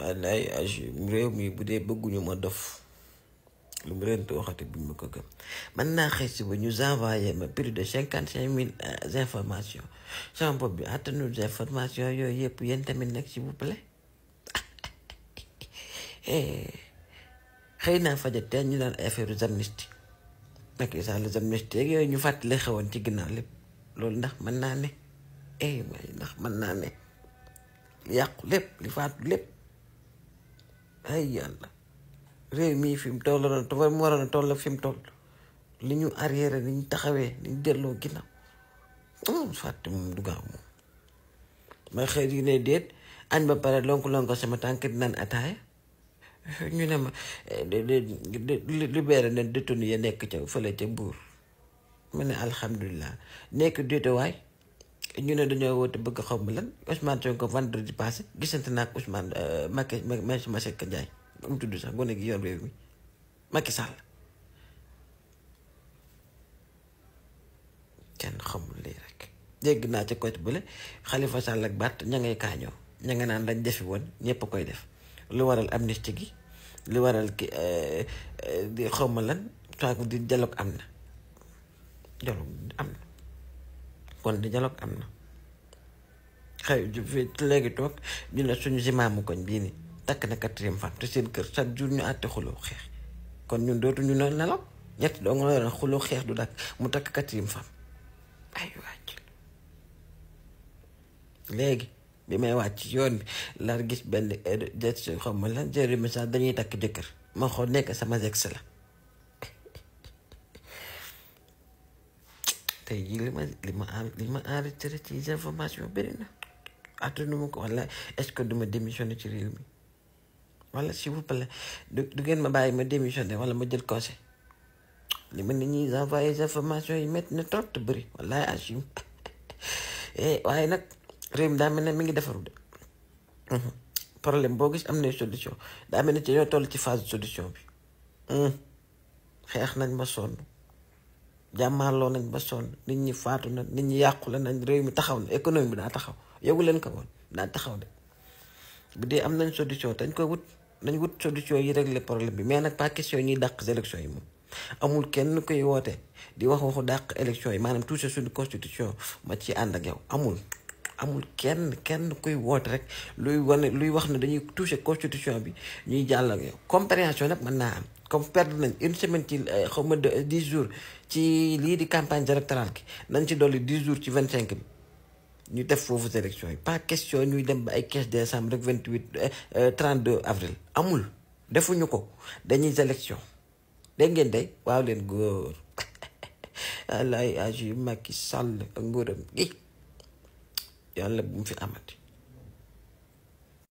ay ay réew mi bu dee bëgguñu ma dof lu mu rent waxati buñ ma ko gëm man naa xëy si ba ñu envoyé ma plus de cinquante cinq mille euh, informations sama bopp bi attanul information yooyu yëpp yéen tamit nag s'il vous plaît xëy naa faja tey ñu daan affaire des amnisties nag isa les amnisties yooyu ñu fàttale xewoon ci ginnaaw lépp loolu ndax mën naa ne eh, ndax mën naa ne yàqu lépp li faatu lépp ay yàlla réew mii fi mu toll la war mu waroon a toll fi mu toll li ñu arrière ni ñu taxawee ni ñu delloo ginnaaw ma xëy di ne déet añ ba pare lonk lonk sama tànk di naan ataaya ñu ne ma eh, libéré na détenu ya nekk ca fële ca buur ma ne alhamdulilah nekk déetewaay ñu ne dañoo woote bëgg xaw ma lan Ousmane Sonko vendredi passé gisante naa ak Ousmane Macky Macky Macky Ndiaye mu tudd sax gone gi yor réew mi Macky Sall kenn xamul lii rek dégg naa ca côté bële Khalifa Sall ak Baart ña ngay kaañoo ña nga naan lañ defi woon ñëpp koy def lu waral amnistie gi lu waral ki di xaw ma lan soit di dialogue am na dialogue am na kon walla dialogue am na xëy léegi toog ñu ne suñu imaamu koñ bii ni takk na quatrième fan te seen kër chaque jour ñu àtte xuloo xeex kon ñun dootu ñu ne nelaw ñett doo nga la xuloo xeex du dakk mu takk quatrième fan ay wàcc léegi bi may wàcc yoon bi laa gis benn jël xaw ma lan jël message dañuy takk jëkkër ma xool nekk sama ex la tey jii li ma li ma li ma enregistré ci information bëri na attanu ma ko wala est-ce que du ma démissionné ci réew mi wala s'il vous plaît du du ngeen ma bàyyi ma démissionné wala ma jël conseil li ma nit ñuy envoyé information yi métti na trop te bëri walaay assume waaye nag réew mi daa mel ne mi ngi defaru de problème boo gis am na solution daa mel ne ci ñoo toll ci phase solution bi xeex nañ ma sonn jàmmaarloo nañ ba sonn nit ñi faatu na nit ñi yàqu la nañ réew mi taxaw na économie bi daa taxaw yëgu leen ko woon daa taxaw de bu dee am nañ solution dañ koy wut dañ wut solution yi régler problème bi mais nag pas question ñuy dàq élection yi moom amul kenn koy wootee di wax waxu dàq élection yi maanaam touché suñu constitution ma ci ànd ak yow amul amul kenn kenn kuy woote rek luy wane luy wax ne dañuy toucher constitution bi ñuy jàll ak yow nag mën naa am comme perdre nañ une semaine ci euh, xaw ma dix jours ci lii di campagne électorale ki nañ ci dolli dix jours ci vingt cinq bi ñu def foofu élection yi pas question ñuy dem ba ay quinze décembre rek vingt huit euh, euh, trente deux avril amul defuñu ko dañuy élection dégg ngeen day waaw leen góor alaay agi Macky Sall ak nguuram gi yàlla bu mu fi amati